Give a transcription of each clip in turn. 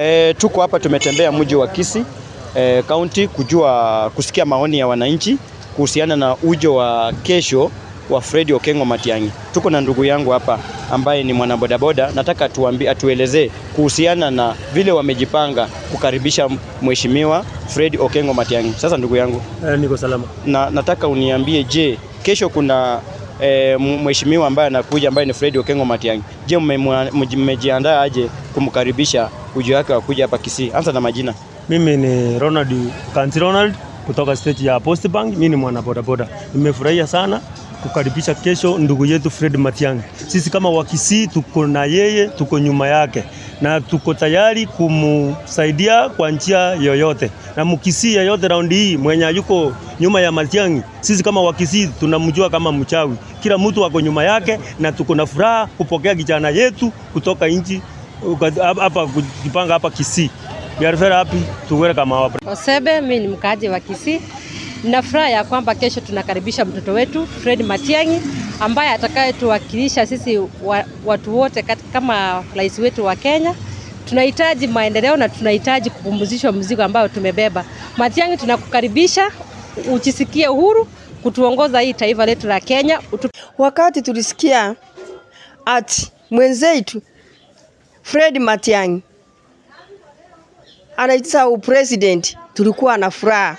E, tuko hapa tumetembea mji wa Kisii e, county kujua kusikia maoni ya wananchi kuhusiana na ujo wa kesho wa Fred Okengo Matiang'i. Tuko na ndugu yangu hapa ambaye ni mwanabodaboda, nataka atuambie, atuelezee kuhusiana na vile wamejipanga kukaribisha mheshimiwa Fred Okengo Matiang'i. Sasa ndugu yangu e, niko salama. Na nataka uniambie, je, kesho kuna E, mheshimiwa ambaye anakuja ambaye ni Fred Okengo Matiang'i. Je, mmejiandaa aje kumkaribisha ujio wake wa kuja hapa Kisii. Anza na majina. Mimi ni Ronald Kanti Ronald kutoka state ya Post Bank. Mimi ni mwana boda boda. Nimefurahia sana kukaribisha kesho ndugu yetu Fred Matiang'i. Sisi kama wa Kisii tuko na yeye, tuko nyuma yake na tuko tayari kumsaidia kwa njia yoyote, na mkisii yoyote raundi hii mwenye yuko nyuma ya Matiang'i, sisi kama wa Kisii tunamjua kama mchawi. Kila mtu ako nyuma yake, na tuko na furaha kupokea kijana yetu kutoka nchi hapa kujipanga hapa Kisii. Biarfera hapi tuwele kama hapa. Osebe, mimi ni mkaaji wa Kisii. Nina furaha ya kwamba kesho tunakaribisha mtoto wetu Fred Matiang'i ambaye atakayetuwakilisha sisi watu wote kama rais wetu wa Kenya. Tunahitaji maendeleo na tunahitaji kupumzishwa mzigo ambayo tumebeba. Matiang'i, tunakukaribisha ujisikie uhuru kutuongoza hii taifa letu la Kenya. Utu... wakati tulisikia ati mwenzetu Fred Matiang'i anaitisha president, tulikuwa na furaha.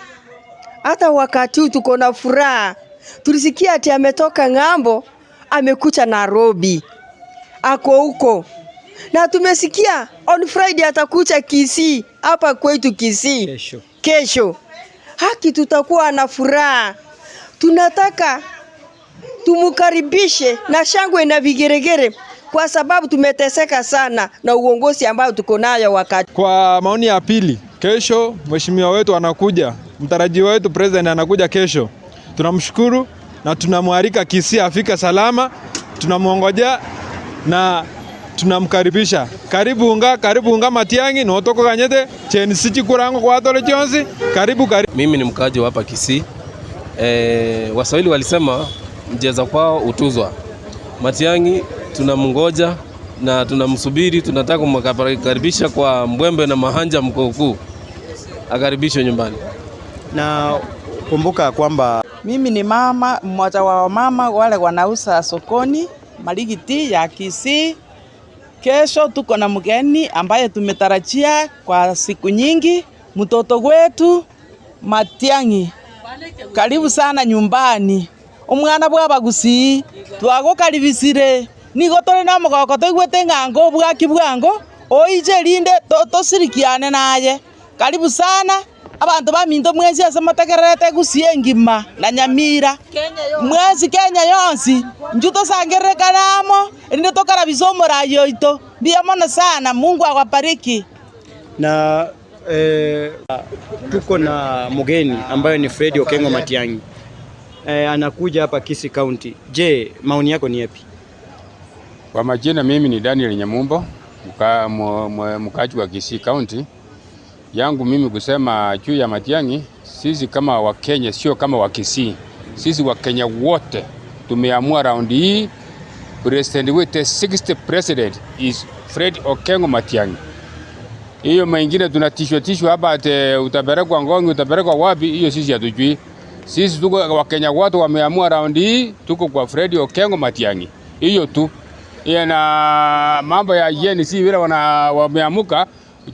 Hata wakati huu tuko na furaha. Tulisikia ati ametoka ng'ambo, amekucha Nairobi, ako huko, na tumesikia on Friday atakucha Kisii, hapa kwetu Kisii kesho. Kesho haki, tutakuwa na furaha. Tunataka tumukaribishe na shangwe na vigeregere kwa sababu tumeteseka sana na uongozi ambao tuko nayo wakati. Kwa maoni ya pili, kesho mheshimiwa wetu anakuja, mtarajiwa wetu president anakuja kesho. Tunamshukuru na tunamwalika Kisii afika salama, tunamwongojea na tunamkaribisha. Karibu unga, karibu unga Matiangi notoko kanyete cheni sichi kurango kwa tole chonsi. Karibu karibu. Mimi ni mkaaji hapa Kisii. E, Waswahili walisema mjeza kwao utuzwa. Matiangi tunamngoja na tunamsubiri, tunataka kumkaribisha kwa mbwembe na mahanja, mkuu mkuu akaribishwe nyumbani. Na kumbuka kwamba mimi ni mama mmoja wa wamama wale wanauza sokoni maligiti ya Kisii. Kesho tuko na mgeni ambaye tumetarajia kwa siku nyingi, mtoto wetu Matiangi. Karibu sana nyumbani, umwana bwa Bagusii twagukaribisire nigo tore na omogoko toigwete ng'ango obwaki bwango oiche erinde tosirikiane naye karibu sana ba minto mwezi ase motegererete egusia engima na nyamira mwezi kenya yonsi inchu tosangererekane amo erinde tokarabisa omorai oito mbia mono sana mungu awabariki na eh, tuko na mugeni ambayo ni Fredi Okengo Matiang'i eh, anakuja hapa kisi County. Je, maoni yako ni yapi? Kwa majina mimi ni Daniel Nyamumbo, mka, mkaaji wa Kisii County. Yangu mimi kusema juu ya Matiang'i, sisi kama Wakenya sio kama Wakisii, sisi Wakenya wote tumeamua raundi hii president wetu 60th president is Fred Okengo Matiang'i. Hiyo mengine tunatishwa tishwa hapa ate utapelekwa Ngongi, utapelekwa wapi, hiyo sisi hatujui. Sisi tuko Wakenya wote wameamua raundi hii, tuko kwa Fred Okengo Matiang'i, hiyo tu na mambo ya Gen Z vile wameamuka.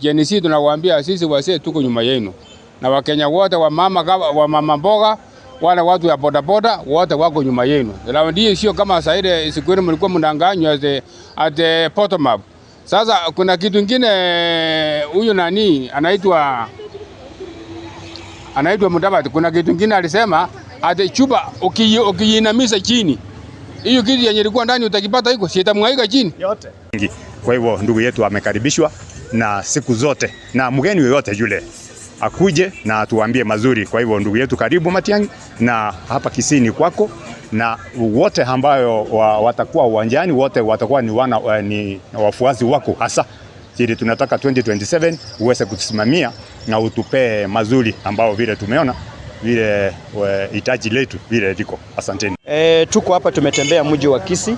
Gen Z tunawaambia sisi wasee tuko nyuma yenu, na Wakenya wote wa mama, wa mama mboga wana watu ya boda boda wote wako nyuma yenu. Ndio ndio, sio kama saa ile siku ile mlikuwa mnadanganywa at the bottom up. Sasa kuna kitu kingine huyu nani anaitwa anaitwa Mudavadi, kuna kitu kingine alisema ate chupa ukiinamisha chini hiyo kitu yenye ilikuwa ndani utakipata iko si itamwaika chini yote. Kwa hivyo ndugu yetu amekaribishwa na siku zote, na mgeni yoyote yule akuje na atuambie mazuri. Kwa hivyo ndugu yetu, karibu Matiang'i, na hapa Kisii ni kwako, na wote ambayo wa, watakuwa uwanjani wote watakuwa ni, wana, wa, eh, ni wafuasi wako hasa ili tunataka 2027 uweze kutusimamia na utupee mazuri ambao vile tumeona vile hitaji letu vile liko. Asanteni. E, tuko hapa tumetembea mji wa Kisii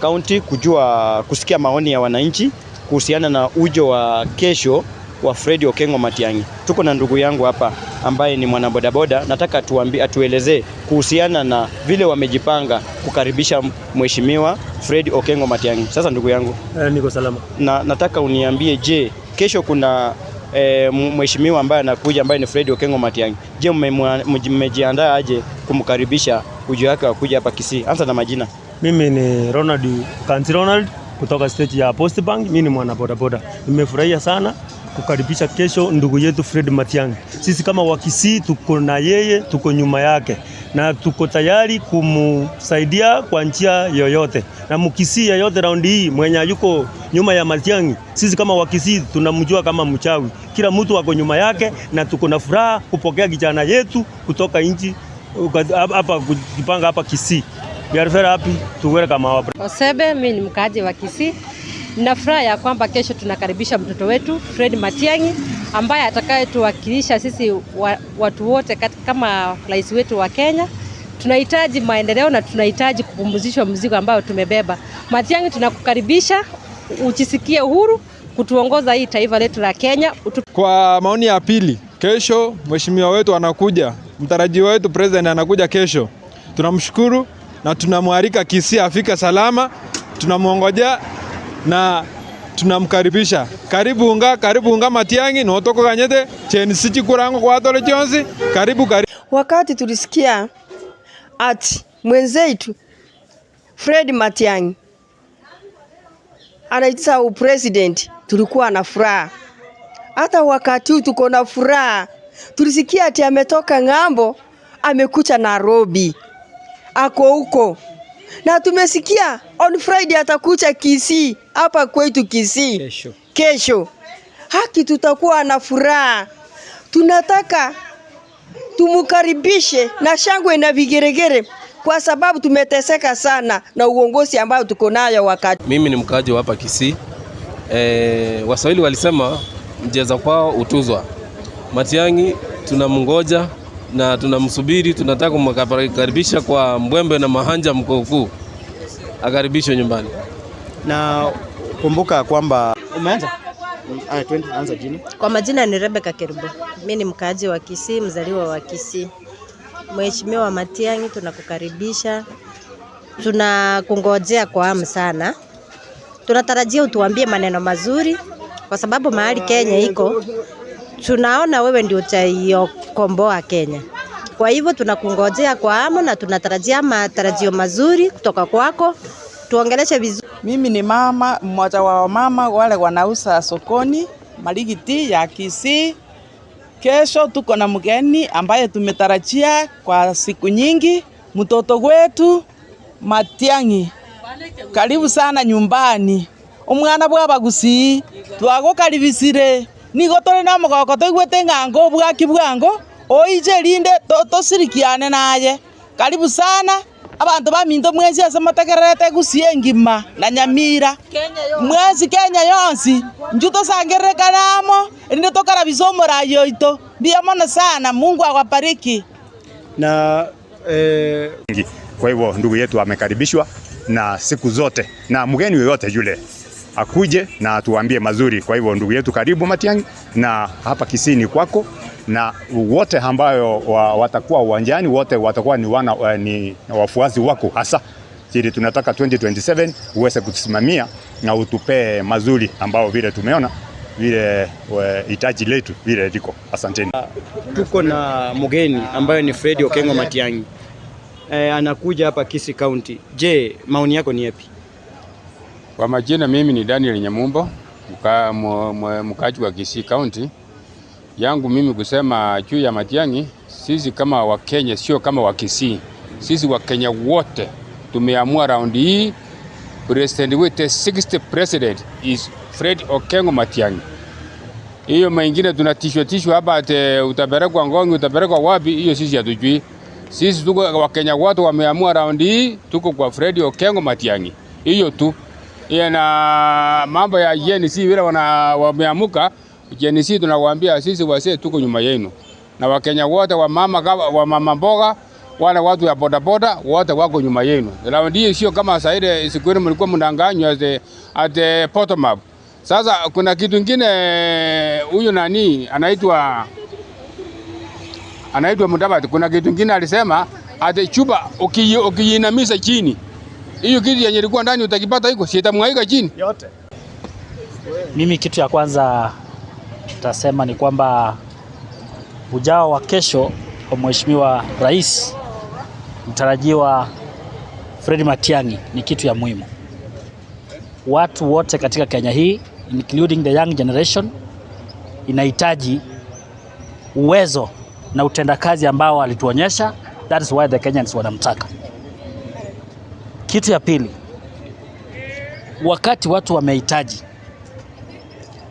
kaunti e, kujua kusikia maoni ya wananchi kuhusiana na ujo wa kesho wa Fred Okengo Matiang'i. Tuko na ndugu yangu hapa ambaye ni mwanabodaboda, nataka tuambi, atuelezee kuhusiana na vile wamejipanga kukaribisha mheshimiwa Fred Okengo Matiang'i. Sasa ndugu yangu, e, niko salama. Na nataka uniambie, je, kesho kuna e, mheshimiwa ambaye anakuja ambaye ni Fred Okengo Matiang'i, je, mmejiandaa aje kumkaribisha ujio wake wa kuja hapa Kisii? Anza na majina. Mimi ni Ronald Kanzi Ronald kutoka stage ya Post Bank. Mimi ni mwana boda boda, Nimefurahia sana kukaribisha kesho ndugu yetu Fred Matiang'i. Sisi kama Wakisii tuko na yeye, tuko nyuma yake na tuko tayari kumsaidia kwa njia yoyote, na mkisi yoyote raundi hii mwenye yuko nyuma ya Matiang'i, sisi kama Wakisii tunamjua kama mchawi. Kila mtu ako nyuma yake, na tuko na furaha kupokea kijana yetu kutoka nchi hapa kujipanga hapa Kisii biashara hapi tuwele kama wapre. Osebe, mimi ni mkaaji wa Kisii. Nina furaha ya kwamba kesho tunakaribisha mtoto wetu Fred Matiang'i ambaye atakayetuwakilisha sisi watu wote kama rais wetu wa Kenya. Tunahitaji maendeleo na tunahitaji kupumzishwa mzigo ambayo tumebeba. Matiang'i, tunakukaribisha uchisikie uhuru kutuongoza hii taifa letu la Kenya. Kwa maoni ya pili, kesho mheshimiwa wetu anakuja, mtarajiwa wetu president anakuja kesho, tunamshukuru na tunamwalika Kisii afika salama, tunamwongoja na tunamkaribisha. Karibu unga karibu unga Matiang'i notoko kanyete cheni sichi kurango kwa tole chonsi karibu karibu. Wakati tulisikia ati mwenzetu Fred Matiang'i anaitisa president, tulikuwa na furaha. Hata wakati huu tuko na furaha, tulisikia ati ametoka ng'ambo amekucha Nairobi ako huko, na tumesikia on Friday atakucha Kisii hapa kwetu Kisii kesho. Kesho haki tutakuwa na furaha, tunataka tumukaribishe na shangwe na vigeregere kwa sababu tumeteseka sana na uongozi ambao tuko nayo. Wakati mimi ni mkaaji wa hapa Kisii, e, Waswahili walisema mjeza kwao utuzwa. Matiangi tunamngoja na tunamsubiri, tunataka kumkaribisha kwa mbwembe na mahanja mkookuu, akaribishwe nyumbani. Na kumbuka kwamba umeanza anza Kwa majina ni Rebeka Kerubo, mimi ni mkaaji wa Kisii, mzaliwa wa Kisii. Mheshimiwa Matiang'i, tunakukaribisha, tunakungojea kwa hamu sana, tunatarajia utuambie maneno mazuri, kwa sababu mahali Kenya iko tunaona wewe ndio utaiokomboa Kenya. Kwa hivyo tunakungojea kwa amu na tunatarajia matarajio mazuri kutoka kwako, tuongeleshe vizuri. Mimi ni mama mmoja wa mama wale wanauza sokoni Marigiti ya Kisii. Kesho tuko na mgeni ambaye tumetarajia kwa siku nyingi, mtoto wetu Matiangi. Karibu sana nyumbani, umwana bwa Bagusii twagukaribisire nigo tore na mogoko toigwete ng'ango obwaki bwango oicherinde tosirikiane naye karibu sana abanto baminto mwezi ase motegererete egusia engima na nyamira mwezi kenya yonsi nju tosangererekana amo rinde tokarabisa omorai oito mbia mono sana mungu awabariki na eh... kwa hivyo ndugu yetu amekaribishwa na siku zote na mgeni yoyote yule akuje na atuambie mazuri. Kwa hivyo ndugu yetu, karibu Matiang'i, na hapa Kisii ni kwako, na wote ambayo wa, watakuwa uwanjani wote watakuwa ni, wana, wa, eh, ni wafuasi wako hasa ili tunataka 2027 uweze kutusimamia na utupee mazuri ambao vile tumeona vile eh, hitaji letu vile liko. Asanteni. Tuko na mgeni ambayo ni fredi Okengo Matiang'i. E, anakuja hapa Kisii County. Je, maoni yako ni yapi? Kwa majina mimi ni Daniel Nyamumbo, mkaaji wa Kisii County. Yangu mimi kusema juu ya Matiang'i, sisi kama Wakenya sio kama Wakisii, sisi Wakenya wote tumeamua raundi hii president wetu 60th president is Fred Okengo Matiang'i. Hiyo mengine tunatishwa tishwa hapa ate utapelekwa Ngongi, utapelekwa wapi, hiyo sisi hatujui. Sisi tuko Wakenya wote wameamua raundi hii, tuko kwa Fred Okengo Matiang'i, hiyo tu na mambo ya Gen Z vile wameamuka. Gen Z tunawaambia sisi wasee, tuko nyuma yenu, na Wakenya wote wa mama wa mama mboga wale watu ya boda boda wote wako nyuma yenu. Na Ndio sio kama sasa siku ile mlikuwa mnadanganywa at at bottom up. Sasa kuna kitu kingine huyu nani anaitwa anaitwa Mudavadi, kuna kitu kingine alisema ate chupa ukiinamisha chini hiyo kitu yenye ilikuwa ndani utakipata iko si itamwaika chini yote. Mimi kitu ya kwanza tasema ni kwamba ujao wa kesho wa Mheshimiwa Rais mtarajiwa Fred Matiang'i ni kitu ya muhimu. Watu wote katika Kenya hii including the young generation inahitaji uwezo na utendakazi ambao alituonyesha, is why the Kenyans wanamtaka. Kitu ya pili, wakati watu wamehitaji,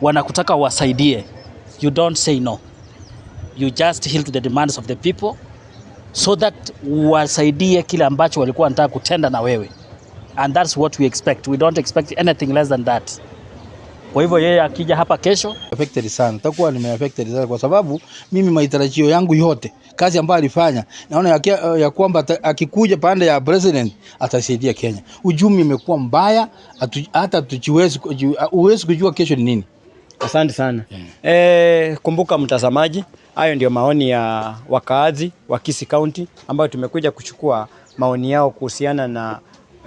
wanakutaka wasaidie, you don't say no, you just heal to the demands of the people so that wasaidie kile ambacho walikuwa wanataka kutenda na wewe, and that's what we expect. We don't expect anything less than that. Kwa hivyo yeye akija hapa kesho affected sana, takuwa nimeaffected sana, kwa sababu mimi mahitajio yangu yote kazi ambayo alifanya naona ya, ya kwamba akikuja pande ya president atasaidia Kenya. ujumi imekuwa mbaya, hata tujiwezi uwezi kujua kesho ni nini. Asante sana yeah. Hmm. E, kumbuka mtazamaji, hayo ndio maoni ya wakaazi wa Kisii County ambayo tumekuja kuchukua maoni yao kuhusiana na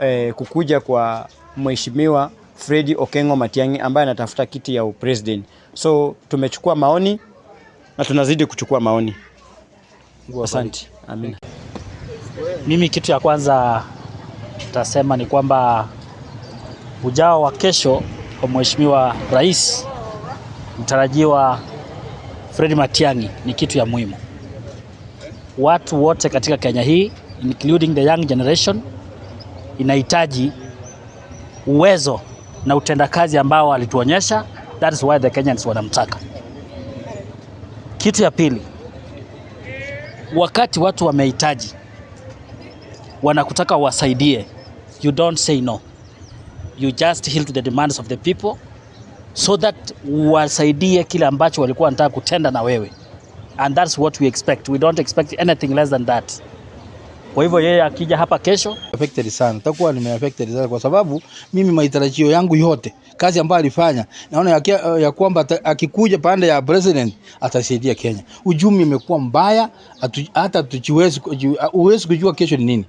e, kukuja kwa mheshimiwa Fredi Okengo Matiang'i ambaye anatafuta kiti ya upresident. So tumechukua maoni na tunazidi kuchukua maoni. Asante. Amina. Mimi kitu ya kwanza tasema ni kwamba ujao wa kesho kwa Mheshimiwa Rais mtarajiwa Fredi Matiang'i ni kitu ya muhimu. Watu wote katika Kenya hii including the young generation inahitaji uwezo na utendakazi ambao alituonyesha, that is why the Kenyans wanamtaka. Kitu ya pili, wakati watu wamehitaji, wanakutaka wasaidie, you don't say no, you just heal to the demands of the people so that wasaidie kile ambacho walikuwa wanataka kutenda na wewe, and that's what we expect. We don't expect anything less than that. Kwa hivyo yeye akija hapa kesho affected sana, takuwa nime affected sana, kwa sababu mimi mahitajio yangu yote, kazi ambayo alifanya, naona ya, ya kwamba akikuja pande ya president atasaidia Kenya. ujumi imekuwa mbaya, hata tuchiwezi uwezi kujua kesho ni nini.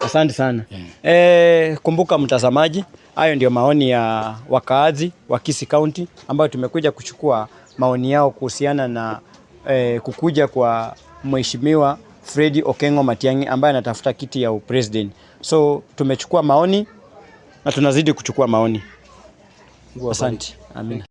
Asante sana yeah. E, kumbuka mtazamaji, hayo ndio maoni ya wakaazi wa Kisii County ambayo tumekuja kuchukua maoni yao kuhusiana na e, kukuja kwa mheshimiwa Fredi Okengo Matiang'i ambaye anatafuta kiti ya upresident. So tumechukua maoni na tunazidi kuchukua maoni. Asante. Amina.